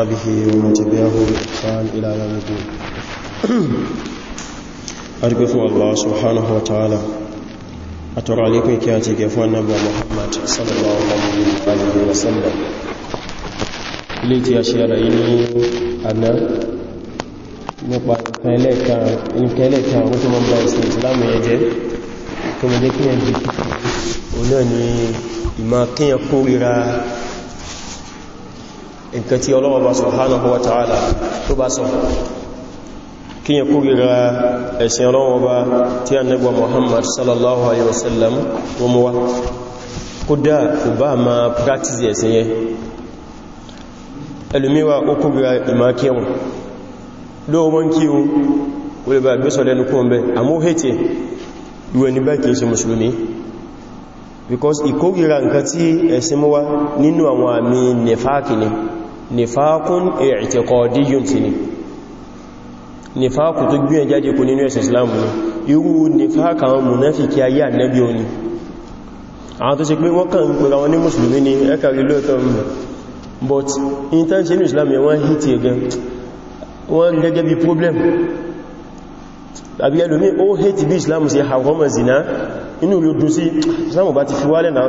وأصحابه ومن تبعه بإحسان إلى يوم الدين أرجو الله سبحانه وتعالى أترى عليكم كي كيفون نبو محمد صلى الله عليه وسلم ليتي أشياء إني أنا nípa ìkẹ́lẹ̀ kan ó tó mọ́ bá ìsìn ìsìláàmù yẹn jẹ́ tó mọ́ jẹ́ náà ni ìmá kíyàn kórìíra nǹkan tí Ọlọ́run bá subhanahu wa ta'ala tó bá sọ kí yẹ kúrira ẹ̀sìn Ọlọ́run bá tí Ànábì Muhammad sallallahu alaihi wasallam tó mú wá kò ma practice ẹ̀sìn yẹ ẹlùmíwà ó kúrira ìmákíyàn lóòwọ́n because nǹkan tí ẹ̀sìn nínú àwọn nifakun i'tiqadiyyun sí ni nifaku tó gbíyàn jáde kò nínú ẹ̀sẹ̀ islam ni irú nifaka àwọn munafiki ayé ànábí oní àwọn tó ṣe pé wọ́n kàn ń pẹ̀lú àwọn ní mùsùlùmí ni ẹkàrí lóòtọ́ but in tán ṣe ní islam yẹ wọ́n hìtì ẹ̀gẹ́ wọ́n problem àbí ẹlòmí ó hìtì bí islam ṣe haroma zina inú ló dùn sí islam bá ti fi wálẹ̀ náà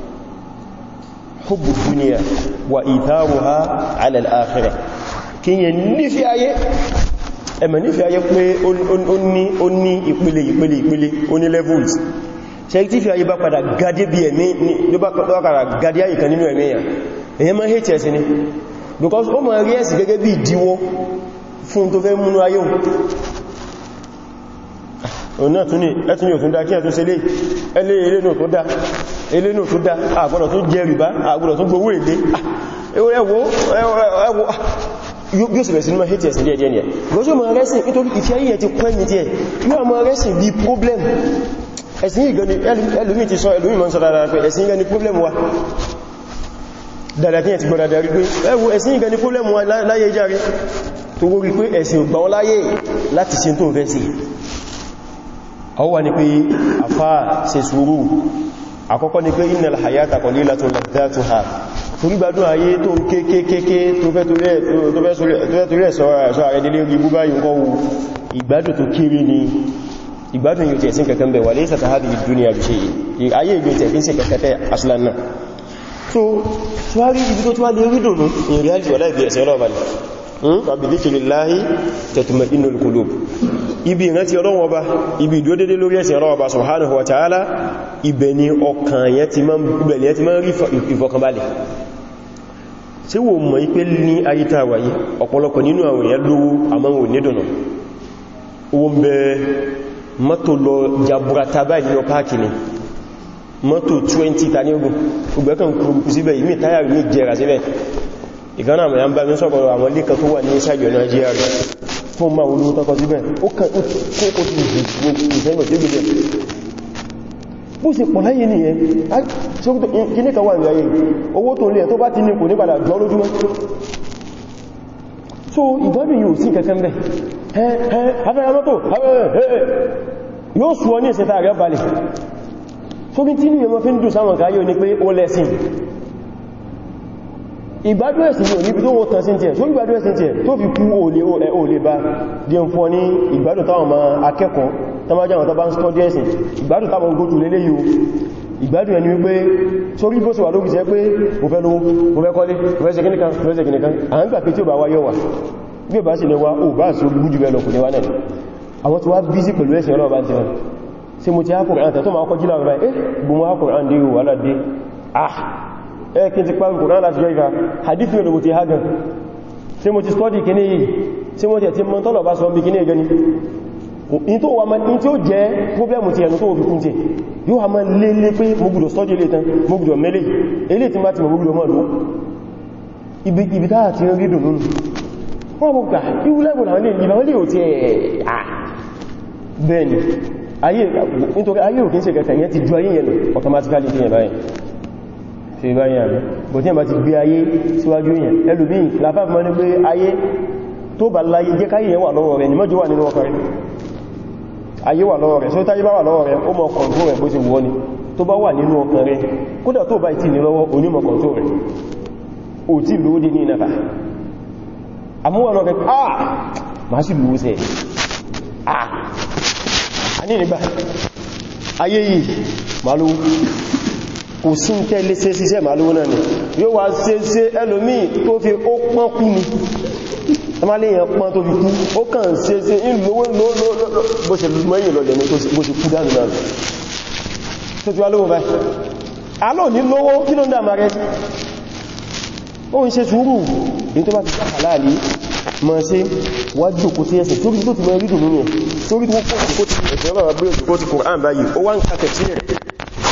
hubbu duniya wa itharuha ala al-akhirah kíyàn nífẹ́ ayé ẹmẹ̀ nífẹ́ ayé pé ó ní ìpele ìpele ìpele ó ní levels ṣẹ́kítí fi ayé bá padà gádé bí ẹ̀mí ló bá padà gádé ayé kan nínú ẹ̀mí èyàn máa hẹ́tì ẹ̀sìn ni because ó máa rí ẹ̀sìn gẹ́gẹ́ bí ìdíwọ́ fún tó fẹ́ múnú ayé òun náà tún ní ẹtún ní òtún dá kí ẹtún ṣẹlẹ̀ ẹlé elénà tó dá elénà tó dá àgbọ́dọ̀ tó jẹ rìbá àgbọ́dọ̀ tó gbówó èdè ẹwọ ẹwọ yóò sì bẹ̀rẹ̀ sí ní máa hate ẹ̀sìn díẹ̀ díẹ̀ lọ́jọ́ ma rẹ́sìn nítorí ìfẹ́ yìí ti kọ́ ẹni díẹ̀ yóò ma rẹ́sìn bí problem ẹ̀sìn yìí gani ẹlòmí ti sọ ẹlòmí ma ń sọ dáadáa pé ẹ̀sìn gani problem wa dáadáa tí ẹ̀ ti gbọ́dá darí pé ẹwọ ẹ̀sìn gani problem wa láyé járe tó wórí pé ẹ̀sìn ògbà wọn láyé láti ṣe tó fẹ́ sí ọwà ni pé àfá ṣe sùúrù àkọ́kọ́ ni pé innal hayata qalilatun ladatuha torí gbádùn ayé tó ń kéèkéèké tó fẹ́ torí ẹ̀ sọ ààrẹ délé rí búbá yìí kọ́wù ìgbádùn tó kéré ni ìgbádùn yóò tẹ̀sí kankan bẹ̀ wà lẹ́sà tàbí dúnìyà bí ṣe ayé yóò so tí wá rí ibi tó reality wà láìbí ẹ̀sẹ̀ tàbí hmm? dhikrillahi tatma'innul qulub ibi ìrántí ọlọ́wọ́ bá ibi ìdúró dédé lórí ẹ̀sìn ọlọ́wọ́ bá subhanahu wa ta'ala ibẹ̀ ni ọkàn yẹn ti máa ń rí ìfọkànbalẹ̀ tí wò mọ̀ ipé ní ayíta wáyé ọ̀pọ̀lọpọ̀ nínú àwọn èèyàn lówó ni mọ́tò 20 taníogun ọgbẹ́kàn kúrò síbẹ̀ ìmì táyà ìgánà àmì àmbá mi sọ́pọ̀ àwọn ilé kan tó wà ní ìsájọ̀ ní Nigeria fún ma olówó tọ́kọ síbẹ̀ ó kàn ó tí ó ti ìfẹ́lọ̀ tí ó gbẹ̀rẹ̀ bó sì pọ̀ láyé nìyẹn kíní kan wà owó tó lè tó bá ti ní so ìgbádùn yóò sí kẹ́kẹ́ mẹ́ afẹ́ra mọ́tò yóò sùọ́ ní ìsẹta rẹ̀ so kí tí ní ẹmọ fi ń dùn sáwọn káyọ ìgbádùn ẹ̀sìn yóò níbi tó wọ́n tán sí tiẹ̀ tó ìgbádùn ẹ̀sìn tiẹ̀ tó fi kú olè bá di ń fọ́ ní ìgbádùn táwọn ma akẹ́kọ̀ọ́ tamájáwọn tàbá ń sọ́dí ẹ̀sìn ìgbádùn táwọn ogójù lélé yóò ìgbádùn ẹni wípé sórí bó sì wà lókùn jẹ́ pé mo fẹ́ lówó mo fẹ́ kọ́lé mo fẹ́ ṣe kíníkan mo fẹ́ ṣe kíníkan à ń gbà pé tí ó bá wá yọ́wà bí ó bá sì lè wá ó bá sí olùgbújù bẹ́ẹ̀ lọ́kùn níwá náà àwọn tí wá bízí pẹ̀lú ẹ̀sìn ọlọ́ọ̀bá ti rẹ̀ sí mo ti hákùnrin àtẹ́ tó máa kọjú láàrín ẹ̀kí eh, ti parí kùrán láti jọ ìfà hadith yóò dòbò ti ha gan tí mo ti study kìíní yìí tí mo tẹ̀ tí mọ́ tọ́lọ̀ bá sọ bí kìíní ẹ̀gẹ́ ni in tó wà mọ́ tí ó jẹ́ problem ti ẹnu tó wò fi kún tí yóò ha mọ́ lélé pé mo gbùdọ̀ study ilé tán mo gbùdọ̀ mẹ́lẹ̀ ilé tí má ti mo gbùdọ̀ mọ́ lọ ibi táà ti rí dùn nínú wọ́n mọ́ gbà iwu lẹ́gbọ̀n àwọn ilé ìbọn lè ò ti ẹ̀ bẹ́ẹ̀ni ayé òkè ń ṣe kẹta ìyẹn ti ju ayé yẹn lọ automatically ṣe bá yà rí bọ̀ tí ẹ̀mà ti gbé ayé síwájú yẹn ẹlùmí làfáà mọ́ ní pé ayé tó bá láyé jẹ́ káyé wà lọ́wọ́ rẹ̀ ní mọ́jú wà nínú ọkọ̀ rẹ̀ ayé wà lọ́wọ́ rẹ̀ só táyé bá wà lọ́wọ́ rẹ̀ ó rẹ̀ bó wọ́ ni tó bá wà nínú kò sí ń tẹ́lé ṣe síṣẹ́ màlúwọ́ náà ni yóò wá ṣe ṣe ẹlòmí tó fi ó pọ́n kú ni ẹmàléyàn pọ́n tó fi kú ó kàn ṣe ṣe ìlówó lólólóló bó ṣe mọ́yìn lọ lẹ́nu bó ṣe kú dánù náà tó ti wá lówó báyìí alọ́ ní lówó kí ló ń dàmà rẹ̀ ó ń ṣe sùúrù ní tó bá ti sáà láàlì mọ́ sí wájú òkú sí ẹsẹ̀ torí tó ti mọ́ rí dùn nínú ẹ̀ torí tó pọ̀ sí kó ti ẹ̀sẹ̀ ọlọ́rọ̀ bí òṣùkó ti kùrán báyìí ó wá ń kàtẹ̀ sí rẹ̀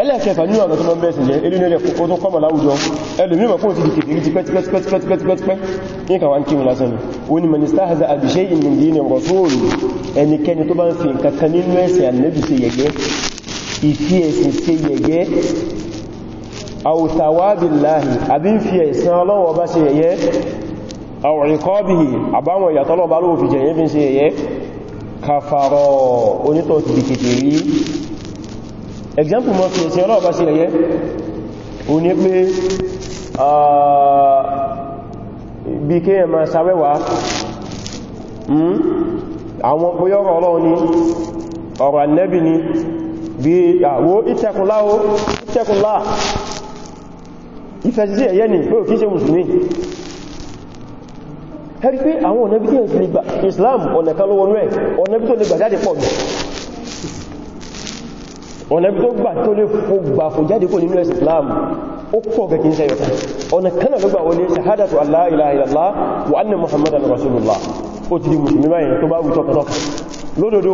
ẹlẹ́ẹ̀kẹfà nínú ọ̀nà tó mọ́ bẹ́ẹ̀sì jẹ́ eré nílẹ̀ kó tó kọmọ̀ láwùjọ ẹlòmíràn fún òtìdí kìtìrí ti pẹ́tipẹ́tipẹ́tipẹ́tipẹ́ ní kàwà ń kí wọn lásán o ni mani stahaza abishe imin dini rasulu ẹnikẹni tó bá ń fi nǹkan nínú ẹ̀sìn annabi ṣe yẹ̀gẹ́ ìfi ẹ̀sìn ṣe yẹ̀gẹ́ àwòtàwábìláhì àbí ń fi ẹ̀sìn ọlọ́wọ́ bá ṣe yẹ̀yẹ́ àwòrìkọ́bìhì àbáwọn ìyàtọ́lọ́bá ló fi jẹ̀yẹ́ fi ṣe yẹ̀yẹ́ kàfàrọ̀ onítọ̀ ti di example mọ́ fi ẹ̀sìn ọlọ́ọ̀bá sí ẹ̀yẹ́ o ní pé bí kí ẹ̀mà hmm, sáwẹ́wà àwọn bóyọ́rọ̀ ọlọ́ọ̀ ni ọ̀rọ̀ ànẹ́bì ni bí àwọ ìtẹ́kùnlá o ìtẹ́kùnlá ìfẹ̀sí sí ẹ̀yẹ́ ni pé òkí ṣe mùsùlùmí ẹ̀rí pé àwọn ọ̀nẹ́bí tí Islam ọ̀nẹ̀kan ló wọnú ẹ̀ ọ̀nẹ́bí tó lè gbà jáde pọ̀ mẹ́ ọ̀nà bí tó gbà tó lè fò gbà fò jáde kò nínú Islam ó pọ̀ gẹ̀kí ń sẹ́yọ̀ta ọ̀nà kanáà ló gbà wọlé ṣahádàtù Allah ilaha illallah wa anna Muhammadan rasulullah ó ti di musulmi báyìí tó bá wù tọ́kọtọ́kọ lódodo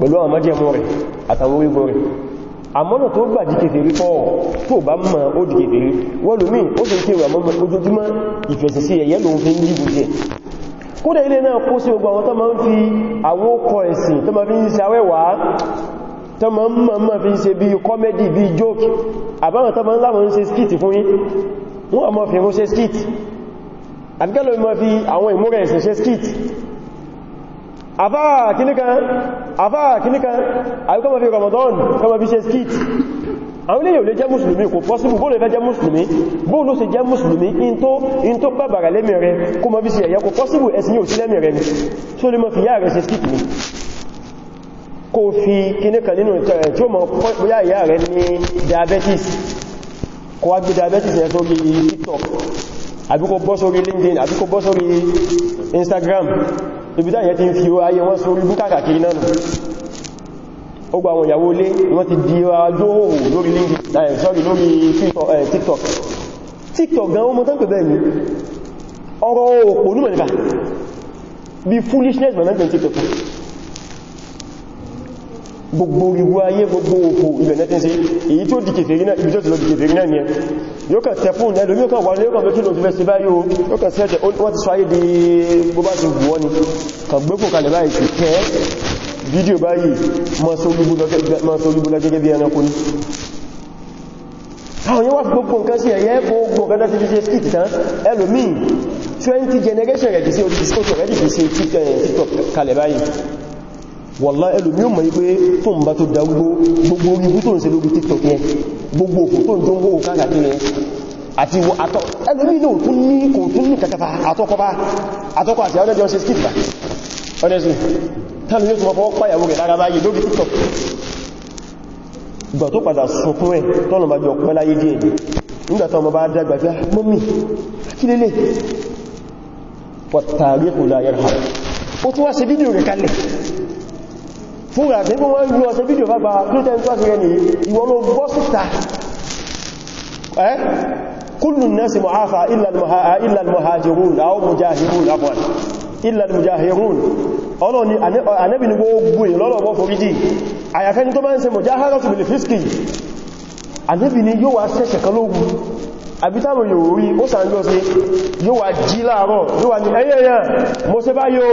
pẹ̀lú àwọn májẹ̀mú rẹ̀ àtàwọn orígun rẹ̀ àmọ́nà tó gbà jíkèfè rí fọ́ tó bá mọ̀ ó jíkèfè rí wọ́lùmí ó fi kéwà mọ́mọ̀ tó ma ń ma ma fi ṣe bí kọ́mẹ́dì bí jókì àbáwọn tó ma ń láwọn ṣe skit fún yí wọ́n a ma fi rún ṣe skit àbíkẹ́lò ma fi àwọn ìmúrẹ̀ ẹ̀sìn ṣe skit àfáà kìníkan àfáà kìníkan àbíkọ́ ma fi Ramadan kọ́ ma fi ṣe skit àwọn ilé yóò lè jẹ́ mùsùlùmí kò pọ́sílù bóòlù ẹ̀fẹ́ jẹ́ mùsùlùmí bóòlù sí jẹ́ mùsùlùmí in tó bàbàrà lẹ́mì rẹ kó mọ́ bí sí ẹ̀yẹ kò pọ́sílù ẹ̀sìn yóò sí lẹ́mì rẹ ni tó lè mọ́ fi yá rẹ̀ ṣe skit ni kó fi kíní kan nínú tí ó mọ̀ bóyá ìyá rẹ̀ ní diabetes kó wá diabetes yẹn sórí tiktok àbí kó bọ́ sórí linkedin àbí kó bọ́ sórí instagram ibùdá yẹn ti ń fi ayé wọn sórí búkàkà kiri náà ó gba àwọn ìyàwó lé wọ́n ti di ajóhòhò linkedin eh, sorry lórí tiktok eh, tiktok gan ọmọ tán pè bẹ́ẹ̀ ni ọ̀rọ̀ òpònú mẹ́ta bí tiktok gbogbo ìwú ayé gbogbo òkú ibẹ̀ nẹ́tí ṣe èyí tó dìkẹ̀ fèrí náà ibi tó ti lọ dìkẹ̀ fèrí náà ni ẹ yóò kà tẹ̀fún náà lórí ọkà wà ní ọkà mẹ́kí ló ti fẹ́ yóò kà sẹ́ẹ̀tẹ̀ wọ́n di bó bá ti wọ́ ni kàgbékò kalẹ̀ báyìí ti tẹ́ fídíò báyìí ma sọ olúgbó lọ gẹ́gẹ́ bí ẹranko ni àwọn yẹn wá gbogbo nǹkan 20 generation rẹ̀ ti ṣe orí discourse rẹ̀ ti fi ṣe kalẹ̀ báyìí wọ̀lá ẹlòmí ò mọ̀ yí pé tó ń bá tó dá gbogbo orígbú tó ń ṣe lórí tiktok yẹn gbogbo òkú tó ń tó ń gbogbo káàkiri yẹn àti àtọ́ ẹlòmí náà tún ní kò tún ní kàkàfà àtọ́kọba àtọ́kọ àti àwọn ẹjọ́ ṣe skip back honestly tàbí yóò tún mọ́ fọwọ́ pàyàwó rẹ̀ lára báyìí lórí tiktok gbà tó padà sọkún ẹ̀ tọ́nà bá jọ pẹ́ láyé díẹ̀ nígbà tó ọmọ bá dàgbà fẹ́ ah, mọ́mí kí lélẹ̀ pọ̀tàrí kò láyé rẹ̀ ó tún wá ṣe fídíò rẹ̀ kalẹ̀ fún ìràṣẹ́ bí wọ́n yíò ọ̀sẹ̀ fídíò fagbà lótẹ́ tó àṣírí ẹni ìwọ̀n ló bọ́ síta ẹ́ kullu nasi mu'afa illa al-muhajirun àwọn mujahirun afwan illa al-mujahirun ọlọ́ni Ànábì ní gbogbo ìlọ́lọ́wọ́ foríjì àyàfẹ́ni tó bá ń ṣe mujaharatu bil fiski Ànábì ní yóò wá sẹ́ṣẹ̀ kan lógún àbítàmù yóò rí ó sàn yóò sí yóò wá jí láàárọ̀ yóò wá ní ẹyẹ̀yẹ̀ mo ṣe bá yóò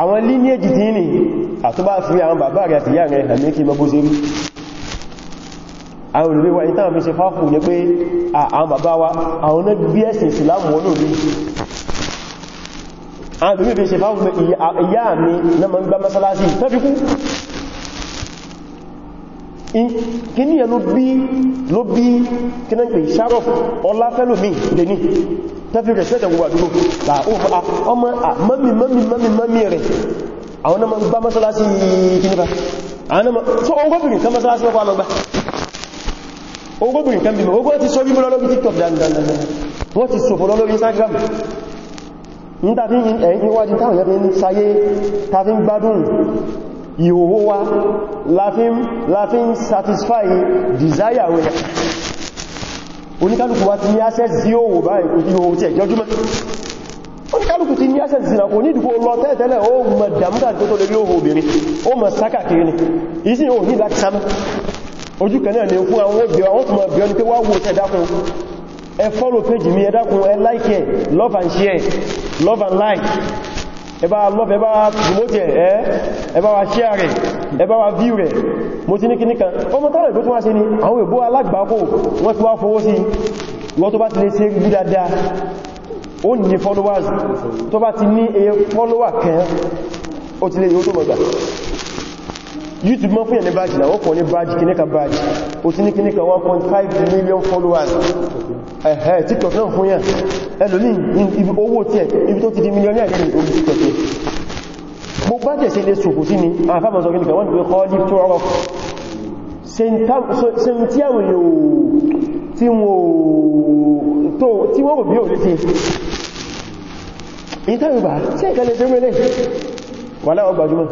àwọn lineage tí ní àtúbà fi àwọn bàbá rẹ̀ àti ìyá rẹ̀ hàn ní kí mọ́ bó ṣe rí àwọn olùgbé wa ìtàn fi ṣe fáfù ní pé àwọn bàbá wa àwọn náà ẹ̀sìn ìsìlámù wọn lórí àwọn olùgbé ṣe fáfù pé ìyá mi tẹ́fì rẹ̀ sẹ́tẹ̀ gbogbo àdúgbò ta ọmọ mọ́mí mọ́mí mọ́mí mọ́mí rẹ̀ àwọn náà gbá mọ́sálásí kínífà so ogóbìnrin kan mọ́sálásí lọ́pàá lọ́gbá ogóbìnrin kan bímọ ogó ti sọ bíbọ́ lọ́lọ́bí tiktok dandandan wọ́n ti sọ fọ́lọ́lọ́bí instagram nítàbí ẹ̀yìnwájú táwọn yẹ́ fi ń sayé tàbí gbádùn ìhòhó wa láfí ń satisfy desire rẹ̀ oníkálùkù wá ti ní access sí òwò báyìí kò sí òwò tí ẹ̀jọ́ jùmọ́ oníkálùkù ti ní access sí ìrànkò ní ìdúkò lọ tẹ́ẹ̀tẹ́lẹ̀ ó mọ̀ dàmúdà tó tó lè rí òwò obìnrin ó mọ̀ sákà kiri ni ìsìn follow page mi ẹ dákun like ẹ love and share love and like ẹ love ẹ promote ẹ ẹ share ẹbá wa view rẹ̀ mo ti ní kíní kan ọmọ tọ́rọ ìbó tó wá sí ni àwọn ìbó alágbàákò wọ́n ti wá fowó sí wọ́n tó bá ti lè ṣe rí dáadáa ó ní followers tó bá ti ní eye follower kan ó ti lè yóò tó mọ̀gbà youtube mọ́ fún yẹ̀ ní badge náà wọ́n kọ̀ ní badge kíní kan badge ó ti ní kíní kan 1.5 million followers ẹ̀hẹ́ tiktok náà fún yẹ̀ ẹlòmí owó tí tiktok bó bá tẹ̀sí lè sòkò sí ni àfáàmà sọ gínìkà wọ́n tó kọ́ lè tó ọrọ̀ tí àwọn èèyàn tí wọ́n wò bí ò lè tí ìtàrùbà tí ẹ̀kẹ́ lè tẹ́rẹ̀lẹ̀ wà láwọ́ gbajúmọ̀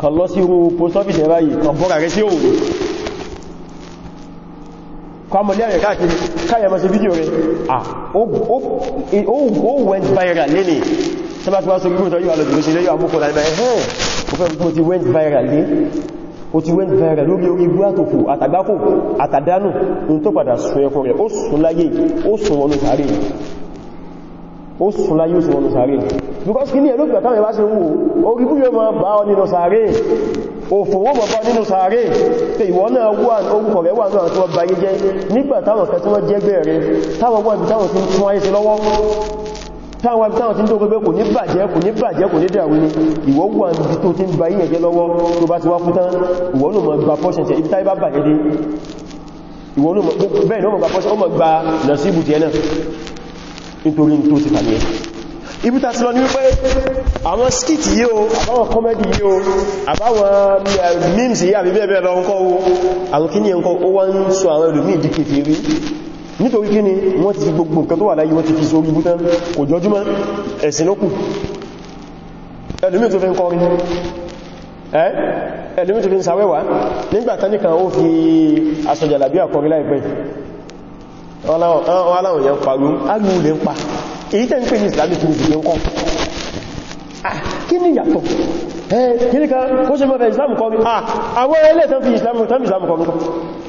kan lọ sí irú post office ẹ̀rá yìí kan bọ́ra rẹ̀ sí òun kọmọlé rẹ̀ káàkiri káyẹmọ̀ sí fídíò rẹ̀ ah ó went viral lẹ́nìí bá ti wá sórí gbóòtọ́ yóò alọ́jù lóṣèlé yóò àmúkọ̀ láìbá ẹ̀hẹ́n ó fẹ́ went viral lé went viral lórí orí igbó àtòfò àtàgbákò àtàdánù ohun tó padà sun ẹkùn rẹ̀ ó sùn láyé ó sùn wọnú sàárè ó sùn láyé ó sùn wọnú sàárè because kí ní ẹ̀lú ìgbà táwọn ìbá ṣe wò orí bú yóò máa bá ọ nínú sàárè òfòwò mọ̀ bá nínú sàárè pé ìwọ náà wà orúkọ rẹ̀ wà náà tó bá yé jẹ́ nígbà táwọn kẹtí wọ́n jẹ́gbẹ̀ẹ́ rẹ̀ táwọn wọ́n ibi táwọn ibi táwọn ti ń tó pẹ́pẹ́ kò ní bàjẹ́ kò ní bàjẹ́ kò ní dàrú ní ìwọ wà tó ti ń ba yíyàn jẹ́ lọ́wọ́ tó bá ti wá fún tán ìwọ gba pọ́ṣẹ̀ ibi ta ti ní wípé àwọn skit yìí o àbáwọn comedy àbáwọn eh, memes yìí àbíbẹ̀ẹ̀bẹ̀ lọ ń kọ́ o àwọn kíní ẹ̀kọ́ ó wá ń sọ àwọn ẹlòmíì di kèfèrí nítorí kí ni wọ́n ti fi gbogbo nǹkan tó wà láyé wọ́n ti fi sórí ibú tán kò jọjúmọ́ ẹ̀sìn ló kù ẹlùmí tó fi ń kọrin ẹ́ ẹlùmí tó fi ń sàwẹ́wà nígbàtáníkan ó fi asọ̀jàlàbí àkọrin láìpẹ́ aláwọ̀ yẹn pàrún agbóhùn lè ń pa èyí tẹ́ ń pè ní islamic music ń kọ́ ah, kí ni yàtọ̀ ẹ̀ kí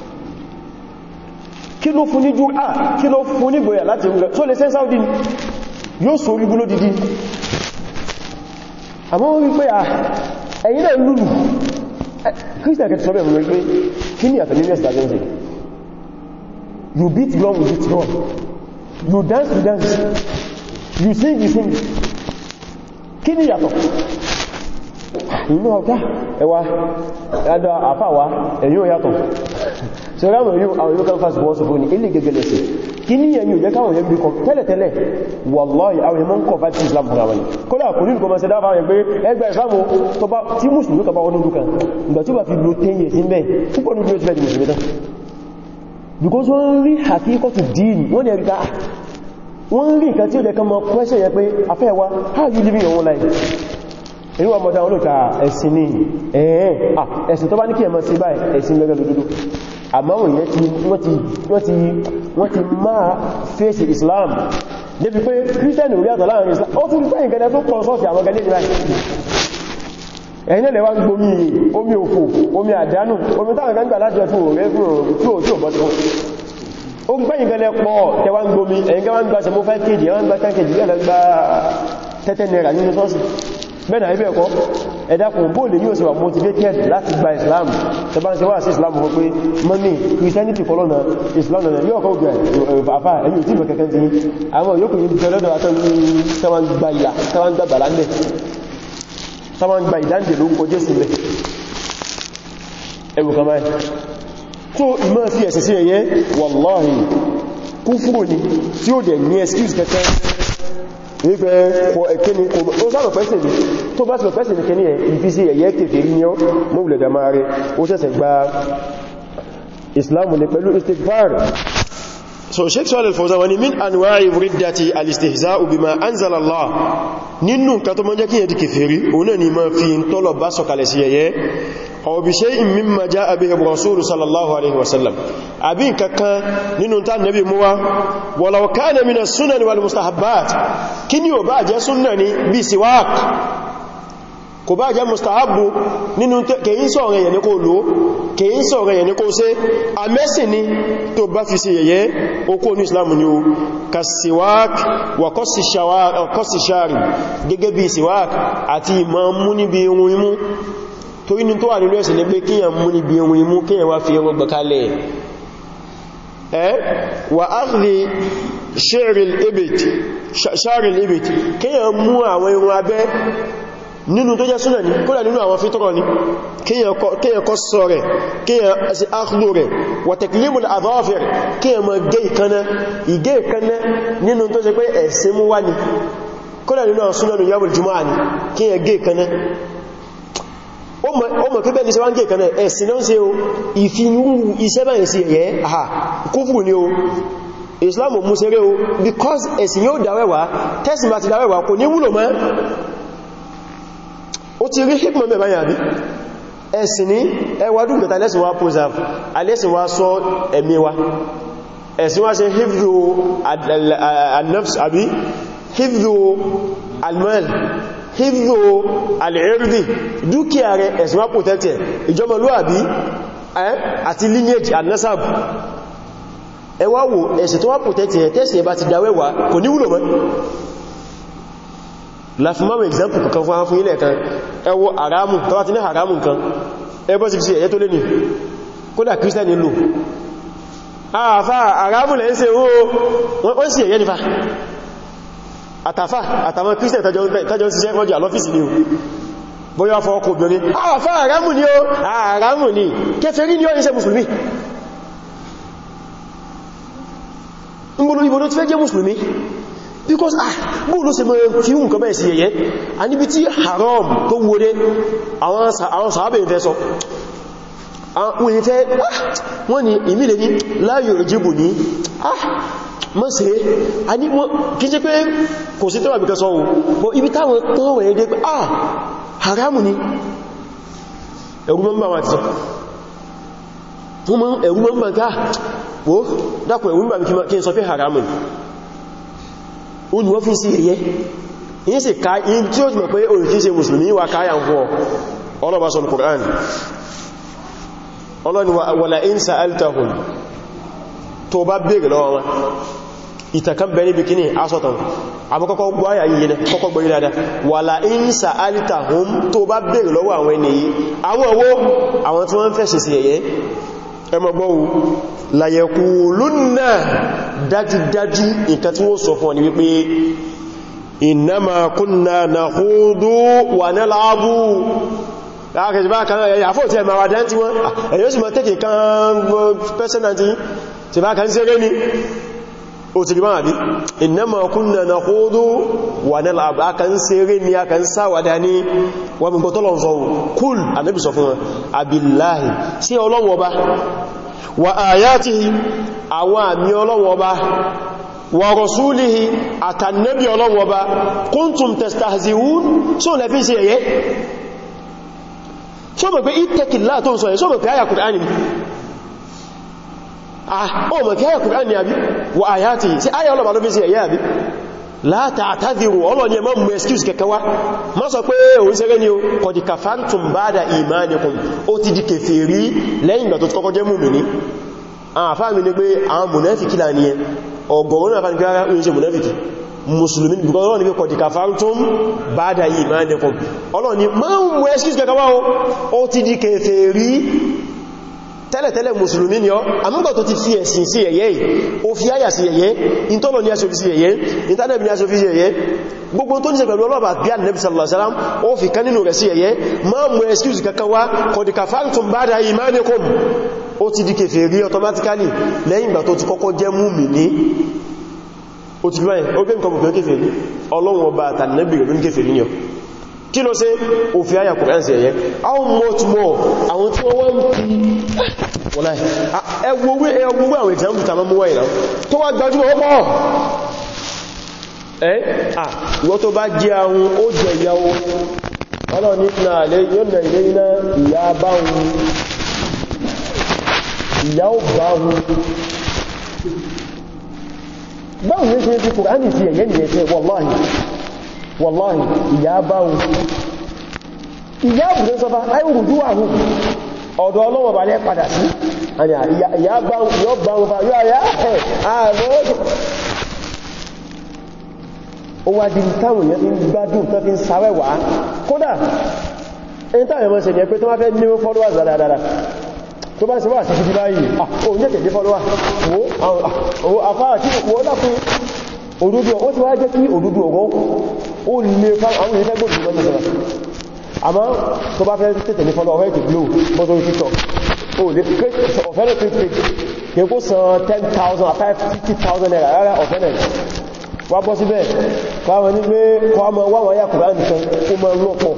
kí ló fún ní jùrá ah, kí ló fún ní gbòyà láti ọgbà tó lè sẹ́ Saudi yóò so orí gúlò dìdí àmọ́ wípé à ah, ẹ̀yìn náà lùlù kírísìtà eh, kẹtù sọ́bẹ̀ mú wípé kí ni àtàmì mẹ́sì you beat drum you beat drum you dance you dance you sing you sing kí ni inú ọ̀gá ẹwà ẹ̀dà àfáwà ẹ̀yìn òyàtọ̀ tí ó rámọ̀ yóò àwọn local fast bus fún ní ilé gẹ́gẹ́lẹ̀ sí kí ní ẹ̀yìn òyẹ́ káwọn yẹn bí kọ tẹ́lẹ̀tẹ́lẹ̀ wallahi àwọn ẹmọ́ ń kọ bájí Islam fún àwọn kódà kò ní Islam tí mùsùlùmí kọba because wọ́n rí àkíkọ́ tó dìín wọ́n ni ẹgbà ah, wọ́n nǹkan tí ó jẹ́ mọ́ pẹ́sẹ̀ yẹ pé afẹ́ wa how you living your own life inú ọmọdá olóta ẹ̀sìn ní ẹ̀ẹ́n ẹ̀sìn tó bá ní kí ẹmọ sí báyìí ẹ̀sìn gẹ́gẹ́ lódúdú àmáwò ìyẹ́ tí wọ́n ti máa fèsì Islam débi pé kírísítẹ̀nì orí àtọ̀ láàrin Islam ó tún fẹ́yìn gẹ́gẹ́ tó kọ́ sọ́ọ̀sì àwọn gẹ́lẹ́ ẹ̀yìn lẹ́wà ń gbomi omi òfò omi àdánù omi táwọn gẹ́gbà láti ẹ̀fún òun ẹ̀fún òun tí ó tí ó bọ́ tí ó ó ń gbẹ́yìn gẹ́lẹ́ pọ̀ tẹwà ń gbomi ẹ̀yìn gẹ́wà ń gbà sẹmọ́fẹ́ kéjì ẹ̀wà ń gbà tẹ́kẹ̀jì lẹ́lẹ́gbà tẹ́tẹ́ nẹ́ra nínú sọ́ọ̀sì bẹ́ẹ̀ náà ibẹ̀ ẹ̀kọ́ ẹ̀dàkùn bóòlè yóò sì wà motivated láti gba Islam tó bá ń ṣe wá sí Islam fún pé mọ́mí Christianity kọlọ́nà Islam náà yóò kọ́ gbẹ̀ àfá ẹ̀yìn òtí ìmọ̀kẹ́kẹ́ ti àwọn yóò kùn jẹ́lọ́dọ̀ àtàwọn ìmọ̀ sí ẹ̀sẹ̀ sí ẹ̀yẹ wallahi kúfúrò ni tí ó dẹ̀ ní excuse kẹ́kẹ́ wípé kò ẹ̀kíní o sáàlọ̀ pẹ́sìn ní tó bá sílọ̀ pẹ́sìn ní kẹ́ ní ẹ̀ ìfisí ẹ̀yẹ́ kèfèé ní ọ́ mọ́wùlẹ̀dà máa rẹ̀ ó ṣẹ̀ṣẹ̀ gba Islam ní pẹ̀lú istighfar so sheikh Saalih Al Fawzān wani min anwa'i riddati al-istihza'u bima anzala Allah nínú nǹkan tó mọ́ jẹ́ kíyàn di kèfèrí òun ni ma fi ń tọ́lọ̀ bá sọ̀kalẹ̀ sí ẹyẹ aw bi shay'in mimma ja'a bihi ar-rasūlu sallallahu kò bá jẹ́ mustahabu nínú kèyí sọ̀rọ̀ èyàn ní kò lò kèyí sọ̀rọ̀ èyàn ní kò ṣe amẹ́sì ni tó bá fi ṣe yẹ̀yẹ́ okó ní islam ni o ka siwak wà kọ́sì ṣàrì gẹ́gẹ́ bí siwak àti ìmọ̀ mú níbi irun imú torí ní tó wà nínú ẹ̀sìn ní pé kíyàn mú níbi irun imú kíyàn wá fi irun gbọ̀kalẹ̀ ẹ́ wà áàrí ṣàrì ibìtì kíyàn mú àwọn irun abẹ́ nínú tó jẹ́ súnà ní kódà nínú àwọn fítọ́rọ̀ ní kíyàn kọ́ sọ rẹ̀ kíyàn sí ákùlù rẹ̀ wàtẹ̀kìlìmù àbáwọ̀fẹ́ rẹ̀ kíyàn mọ̀ gé ìkaná ìgé ìkaná nínú tó jẹ́ pé ẹ̀sìn mú wá ní kódà nínú àwọn súnà ní yàwùl jùmáà ní kíyàn gé ìkaná ó mọ̀ pípẹ́ ní ṣe wá ń gé ìkaná ẹ̀sìn náà ṣe o ìfinúrú iṣẹ́ báyìí sí ẹ̀yẹ́ àhà kúfù ni o Islam mú ṣeré o because ẹ̀sìn yóò dáwẹ́wàá tẹ́sìn bá ti dáwẹ́wàá kò ní wúlò mọ́ ó ti rí hikmọ̀ mẹ́bá yàbí ẹ̀sìn ní ẹwà dúkẹta lẹ́sìn wá preserve alẹ́sìn wá sọ ẹ̀mí wa ẹ̀sìn wá ṣe hifdhu al-nafs àbí hifdhu al-mal hifdhu al-irdi dúkìá rẹ̀ ẹ̀sìn wá protect ẹ̀ ìjọmọlúwàbí lineage al-nasab ẹwà wo ẹ̀sìn tó wá protect ẹ̀ tẹ́sìn láfimọ́wọ̀ example kankan fún àwọn ilẹ̀ kan ẹwọ haramu tọwà ti ní haramu kan ẹbọ́ sí sí ẹ̀yẹ tó lé ní kódà kírísítẹ̀ni lò àfà haramu lẹ́ ń ṣe owó wọ́n ó sì ẹ̀yẹ nífà àtàfà àtàwọn kírísítẹ̀ tọ́jọ́ ń ṣiṣẹ́ rọ́jọ́ àlọ́fíìsì ni bóyá fọ́ ọkọ̀ obìnrin àfà haramu ni ó haramu ni kèfèrí ni ó yẹ́ mùsùlùmí ń gbọ́nà ìbọn tó fẹ́ jẹ́ mùsùlùmí because ah bóò ló ṣe mọ́ kí un kan bẹ́ẹ̀ sí ẹ̀yẹ́ a níbi tí haram tó wọlé àwọn sàábẹ̀ ìfẹ́ sọ àwọn ah wọ́n ni ìmìlẹ̀ ní láyò ìjìbò ní ah mọ́ sí a ní wọ́n kí jẹ́ pé kò sí tẹ́wà bìkan sọ́wọ́ bọ́ ibi táwọn tọ́wọ̀ ẹ̀dẹ́ ah haramu ni ẹ̀rù mọ́ ẹ̀rù mọ́ mbà ká wó dákùn ẹ̀rù mbà kí n sọ pé haramu ni ó ní wọ́n fi sí ẹ̀yẹ́ yìí sì ká yìí tí ó jùmọ̀ pé o kìí ṣe mùsùlùmí wà káyà ń fún ọ ọlọ́bà sọ Al-Qur'an ọlọ́ni wàlá in sa'altahum tó bá bèèrè lọ́wọ́ wọn ìtàkàn bẹ̀rẹ̀ bí kíní asọ́tàn àbúkọ́kọ́ ẹmọgbọ́wò láyẹ̀kú lónà dájúdájú nǹkan tí wọ́n sọ fún ni wípé innama kunna nahudu wa nalabu láàkẹ̀sì bá kan ẹ̀yà fóòtí ẹ̀mà wà dántí wọn èyí ah, ó sì mọ̀ tẹ́kì kan pẹ́sẹ̀nà ó ti rí máa bí innama kunna nakhudu wa nal'ab a kan ṣeré ni a kan sáwàdá ní wọ́n mú gbọ́tọ́lọ̀ sọ́wọ́ kúl anábì sọ fún wọn abillahi sí ọlọ́wọ́ bá wa ayatihi àwọn àmì ọlọ́wọ́ bá wa rasulihi àtànẹ́bì ọlọ́wọ́ bá kuntum testahzi'un só ọmọ ah, kí ayà kùrán ni àbí wà àyà tí tí ayà ọlọ́bà ló fi sí ẹ̀yà àbí láta àtàdìrò ọlọ́ni ẹmọ́ mú excuse kẹkẹwa má sọ pé òun sẹ́rẹ́ ni o kọ̀dì kàfántùm bada ìmánikùn ó ti di kèfèrí lẹ́yìn ìgbà tó ti kọ́kọ́ jẹ́ mùmìnì àfáàmì ni pé àwọn mùnẹ́fìkì là ní ẹ ọgọ̀rún àfáàmì rárá oúnjẹ ọlọ́ni pé kọ̀dì mú excuse kẹkẹwa ó ti di kèfèrí tẹ́lẹ̀tẹ́lẹ̀ mùsùlùmí ni ọ́ àmúgbà tó ti fi ẹ̀sìn sí ẹ̀yẹ́ o fi àyà sí ẹ̀yẹ́ ìtọ́lọ̀ ní aṣòfin sí ẹ̀yẹ́ ìtànẹ́bì ní aṣòfin sí ẹ̀yẹ́ gbogbo tó ní pẹ̀lú ọlọ́bà bí sallallahu ó fi kan nínú rẹ̀ sí ẹ̀yẹ́ máa excuse kankan wá kọ̀dìkà fántùm bá da imanikum ó ti automatically lẹ́yìn ìgbà tó ti kọ́kọ́ jẹ́ mùmínì ó ti gbáyẹ̀ ó gbé nǹkan mùkún kèfèrí kí ló ṣe òfin àyà Kùránì how much more àwọn tí wọ́n wọ́n fi wọ́lá ẹgbogbo ẹgbogbo àwọn example tàbí mú wáyìí náà tó wá gbajúmọ̀ ọpọ̀ ẹ́ à ah, tó bá ahun ó jẹ ìyàwó na wallahi ìyá bá wù ìyá àbùdó sọba ayòrò dúwà hù ọ̀dọ̀ ọlọ́wọ̀ bá lẹ́ padà sí ìyá bá wù yọ bá wù bá yọ àyá ẹ̀ àlọ́ọ̀dọ̀ ó wá di táwọn èèyàn fi ń gbádùn tán fi ń sáwẹ́wà kódà ẹni táwọn èèyàn ṣe ní ẹgbẹ́ tó máa fẹ́ ní followers dáadáa tó bá ṣe wà sí ti báyìí ó ní ẹ̀kẹ́ followers wo afárá tí wọ́n lákún òdúdó ó ti wá jẹ́ kí òdúdó ọ̀gọ́ ó lè fà àwọn èèyàn gbogbo lọ́nà sọ́nà àmọ́ tó bá fẹ́ tètè ní fọ́lọ́ ọ̀rẹ́ ìtìgbò mọ́tòrí títọ̀ ó lè ọ̀fẹ́lẹ̀ pínpín kí kó san 10,000 50,000 naira rárá ọ̀fẹ́lẹ̀ wá bọ́ síbẹ̀ káwọn ní pé kọ́mọ wáwọn yà kùrán nìkan ó mọ lọ́pọ̀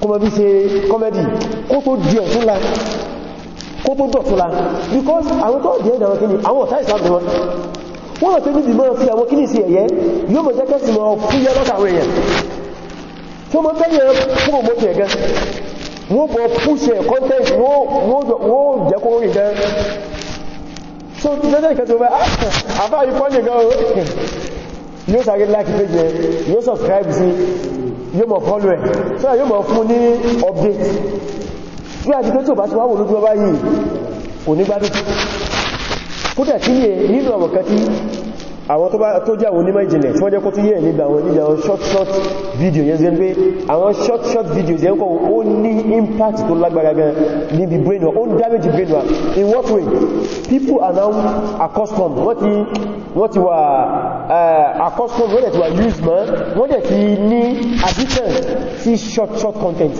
kọmọ bí ṣe kọ́mẹ́dì kó tó di ọ̀túnla kó tó dọ̀túnla because àwọn tó di ẹ̀dà wọn kí ni àwọn ọ̀tá ìsáàbù wọn wọ́n tó níbi mọ́ fi àwọn kíní sí ẹ̀yẹ́ yóò mọ̀ jẹ́kẹ́ sí mọ́ fúyẹ́ lọ́kàwọ̀ èèyàn tí ó mọ́ tẹ́yẹ fún òmótò ẹ̀gẹ́ wọ́n bọ̀ púṣẹ̀ content wọ́n jẹ́ kó rí gan so tẹ́jẹ́ ìkẹtù bá ah, àbá yìí fọ́nì gan o yóò sáré láti pé jẹ yóò subscribe sí yóò mọ̀ follow ẹ̀ so yóò mọ̀ fún ní update yóò àti pé tí ò bá ti wá wò lójú ọba yìí kò ní kódà kí ní nínú àwọn kan tí àwọn tó jẹ́ àwọn onímọ̀ ìjìnlẹ̀ tí wọ́n jẹ́ kó tún yẹ̀ nígbà àwọn nígbà àwọn short short video yẹn zẹ́n pé àwọn short short videos yẹn kọ́ ó ní impact tó lágbára gan níbi brain wa ó ń damage brain wa in what way people are now accustomed wọ́n ti wọ́n ti wà eh, accustomed wọ́n dẹ̀ ti wà used mọ́ wọ́n dẹ̀ ti ní addiction sí short short content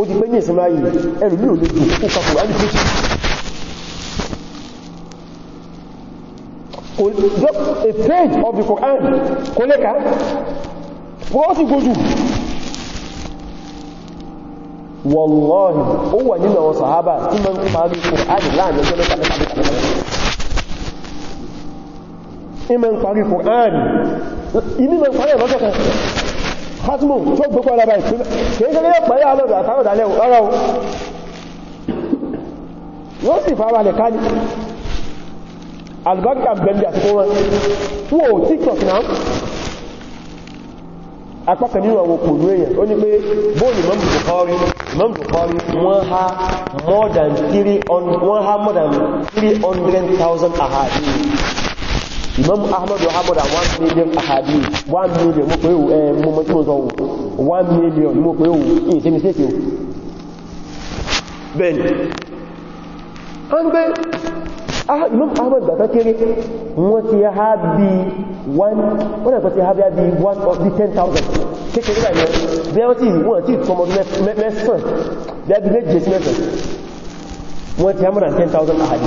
ó ti pẹ́ ní ìsinmi ayé ẹlùmí ò lè dùn ó kàkùrù just a page of the Quran kò lè ká wọ́n sì gójú wallahi ó wà nínú àwọn sàhábà tí ma ń parí Quran láàrin ọjọ́ mẹ́ta mẹ́ta mẹ́ta ìmọ̀ ń parí Quran ìní ma ń parí ọjọ́ kan hatmù tó gbogbo ọlọ́bà ìpínlẹ̀ kìí ṣe pẹ̀lú alọ́dọ̀ àtàrọ̀dà lẹ́wọ̀ ọ̀rọ̀ wọ́n sì fara lẹ̀ ká albarka bẹ̀mí àti kó rán wọ́n ò tiktok náà apákan nínú àwọn òkùnrin èèyàn ó ní pé bóòlù mọ́mù Bukhari mọ́mù Bukhari wọ́n há more than 300,000 ahadi Imam Ahmad wọ́n há more than 1 million ahadi 1 million mọ́ pé ẹ̀ mọ́ mọ́ tí mo sọ 1 million mọ́ pé ò ìsinmi sí èsì bẹ́ẹ̀ni Ah, imam ahmad gbàtọ́ kéré wọ́n ti ha bí one of the 10,000 kékeré rẹ̀ bí wọ́n ti wọ́n ti tọmọ mẹ́sàn bí i méje sí mẹ́sàn wọ́n ti hamara 10,000 ahadi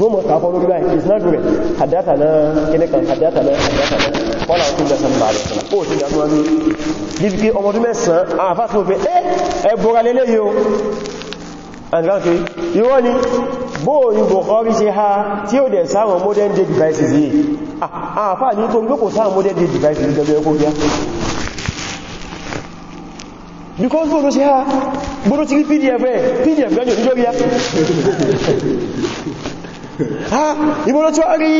wọ́n mọ̀ sáfọ́ lórí báyìí not rẹ̀ hadata na kẹ́lẹ́kan hadata na hadata na kọ́lá ọdún lẹ́sàn bá rẹ̀ sọ́nà ó sì dánú wọn ní bíbi pé ọmọdún mẹ́sàn-án àfáàsí òfin ẹ́ ẹ̀bọ̀ra lélẹ́ yìí o and ránkiri ìwọ́n ni bóòyìn Bukhari ṣe ha tí ó dẹ̀ sáwọn modern day devices yìí ah, ah, àfà ní tó ń gbé kò sáwọn modern day devices yìí gẹ́gẹ́ ẹkọ́ yá because bóòlù ṣe ha bóòlù ti rí pdf rẹ̀ pdf rẹ̀ níjọ́ rí ha ìbòlò tí ó rí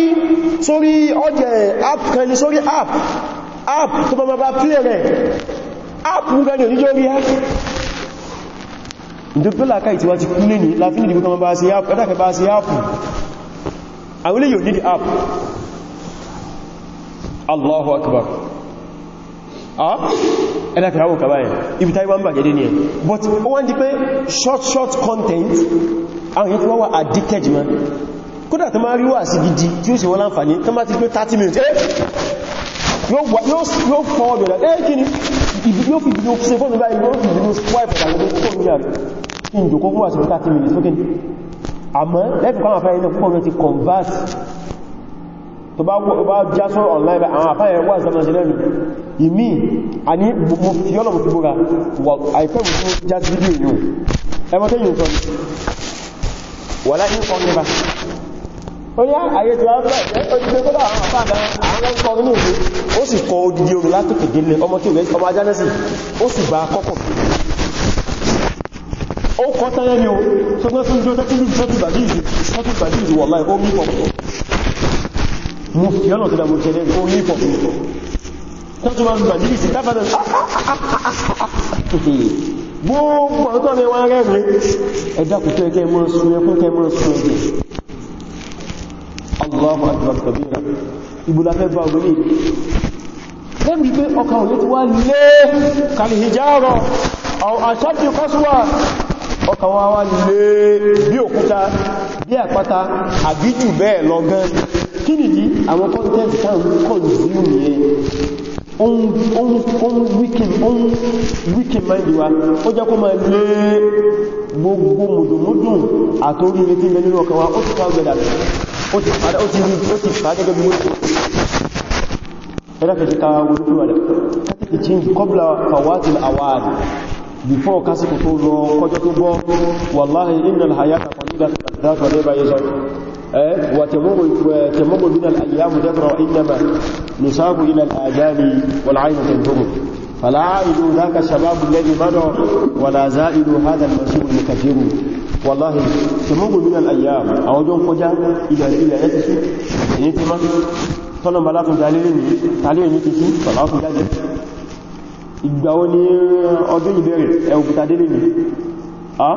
sórí ọjẹ́ app kan ní sórí app app tó bá bá play rẹ̀ app ìdókòlá ká ìtíwá ti kú lè ní láti ní ìdíkọ́ bá sí áàpù ẹ̀dàkẹ́ bá sí áàpù àwọn olè yóò ní áàpù Allahu akbar ah ẹ̀dàkẹ́ àwọ̀ kàbáyẹ̀ ibi táíwá ń bà gẹ́dẹ́ ní ẹ̀ but ó wá ń di pé short short content àwọn yìí tí wọ́n wà addicted man kódà tó máa rí wà sí gidi tí ó sì wọ́n láǹfààní tó máa ti pé 30 minutes eh, yóò fọ́ ọ̀dọ̀ ìbí yóò fi ìbí yóò ṣe fóònù báyìí yóò fi ìbí yóò swipe àwọn fóònù yà rẹ̀ kí n jòkó fún àṣìkò 30 minutes lókè ní àmọ́ lẹ́fìkọ́ àwọn afẹ́rẹ́ náà púpọ̀ ti converse tó bá já sọ́rọ̀ online àwọn afẹ́rẹ́ wà zamanjẹ́ lẹ́nu ìmí àní mo fi yọ́lọ̀ mo fi bóra àìfẹ́ mo tó já sí fídíò yìí ẹmọ́ tẹ́yìn sọ ni wà láyé kọ́ onye ayé ti wá bẹ̀rẹ̀ ojúgbé kó dáa àwọn àpáàdá àwọn ọkọ̀ nínú ìlú ó sì kọ odidi orin látòkè délé ọmọ o ọmọ ajánẹ́sì ó sì gba kọ́kọ̀ ó kọ́ tẹ́lẹ̀ ní o tó gbé fún jọ tẹ́kùnlù tẹ́kùnlù bàdíìzì wọ̀lá ó mí pọ̀pọ̀ mo fi ọ̀nà tó dámọ̀ tẹ́lẹ̀ ó mí pọ̀pọ̀ tẹ́kùnlù bàdíìzì tábàdàn gbogbo ọ̀tọ́ ni wọ́n rẹ̀ rí ẹ̀dàkùtẹ́ kẹ́ mọ́ sún ẹkún mọ́ sún ẹgbẹ̀ Allahu akbar kabira ibùlá fẹ́ bá ogun ní lẹ́bí pé ọkà òní ti wá lé kàlìhìjárọ̀ àṣájì kọ́sùwà ọkà wá wá lé bí òkúta bí àpáta àbíjù bẹ́ẹ̀ lọ gan kí nìdí àwọn kọ́ntẹ́ntì táwọn kọ́ntẹ́ntì nìyẹn ohun wíkìn máìdì wa ó jẹ́ kó máa lé gbogbo mùdùmùdùn àtórí ní tí mẹ́lú ọkà wa ó ti ká ọgbẹ̀dà أتف هذا أتف أتف هذا قبل موت ẹlẹ́kẹ̀ẹ́ ká wọ́n rẹ̀ tẹ́kì tí kọ́bla fawati al'awari before kásìkò tó lọ kọjọ́ tó bọ́ wàláhì inna al-hayata kọ̀nígbà وتمر من الأيام دبر وإنما نصاب إلى الآجال والعين تنتم فلا عائد ذاك الشباب الذي مضى ولا زائد هذا المسيح المكفر wàláhì tẹmọ́gbò ní àyà àwọn ọjọ́ ń kọjá ilẹ̀ ilẹ̀ ẹ̀ ti sú èyí tí má tọ́nàmbà látún dalílé ní tàlẹ́ ní ti sú tọ́láfún jáde ìgbà ó ní ọdún ìbẹ̀rẹ̀ ẹ̀wùkúta délé ní a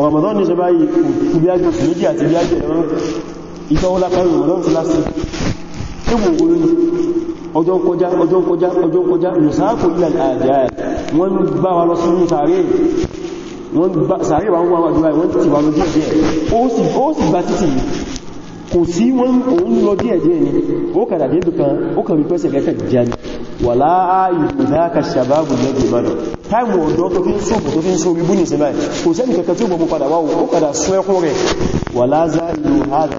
ọ̀rọ̀mọ̀dán ní ṣe báyìí kù bí ágbẹ̀ méjì àti bí ágbẹ̀ ẹ̀rọ ìtọ́wọ́ ọjọ́ kọjá ọjọ́ kọjá ọjọ́ kọjá nìsáàkù ilẹ̀ àjẹ́ wọ́n bá wa lọ sínú tààrí wọ́n sàárè wà wọ́n àdúrà wọ́n ti wà lọ díẹ̀ díẹ̀ ó sì gba títì kò sí wọ́n òun lọ díẹ̀ díẹ̀ ni ó kàdà dé dùkan ó kàn rí pẹ́sẹ̀ kẹ́kẹ́ jẹ́ ni wà láàáyù ìdáka sàbábù lẹ́gbẹ̀ẹ́ mọ́dọ̀ táìmù ọ̀dọ́ tó fi ń sóòpù tó fi ń sóòrí bú ní ìsinmi kò sẹ́ni kẹ́kẹ́ tí ó gbọmọ padà wáwò ó kàdà sọ ẹkún rẹ̀ wà láàáyù hádà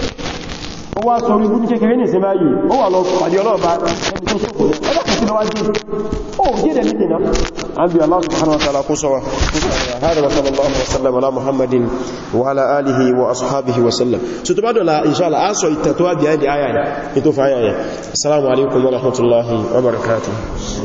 wá sọ orí gúdú kékeré ní ìsinmi ayé ó wà lọ pàdé ọlọ́ọ̀bá ẹni tó sọ́kò ẹlọ́pù sí lọ́wọ́ jẹ́ ó jẹ́ dẹ̀ nítìna àbí Allah subhanahu wa